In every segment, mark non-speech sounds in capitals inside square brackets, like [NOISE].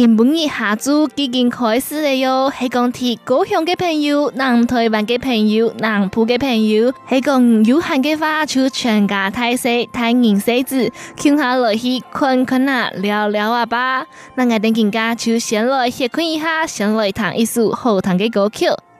原本下子已經開始了喲，係講替高雄嘅朋友、南台灣嘅朋友、南部嘅朋友，係講有閒嘅話就全家大細、大人小子，聽下落去、困困啊、聊聊啊吧。那我等陣家就先來，先看一，看一，看一，看一，看一看下，先來談一首好聽嘅歌曲。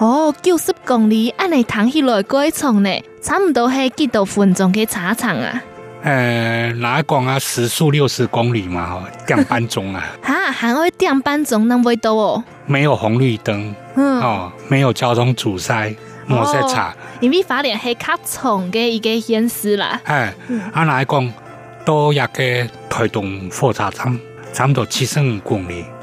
哦，九十公里，俺來躺起來過一呢，差不多係幾多分鐘嘅車程啊？呃來講啊？時速六十公里嘛，吼、喔，兩分鐘啊！ [LAUGHS] 啊，還會兩分鐘，那麼多哦？沒有紅綠燈，嗯，哦、喔，沒有交通堵塞，冇塞車，因為法連還卡重嘅、欸啊、一個顯示啦。誒，啊來講，都日嘅推動火車站，差不多七十五公里。